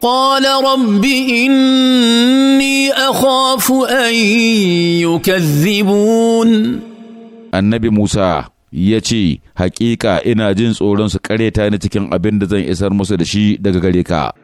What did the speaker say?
قال رب إني أخاف أن يكذبون النبي موسى يأتي حقيقة إن جنس أولون سكريتا نتكين أبندتين إسر موسى دشي دقا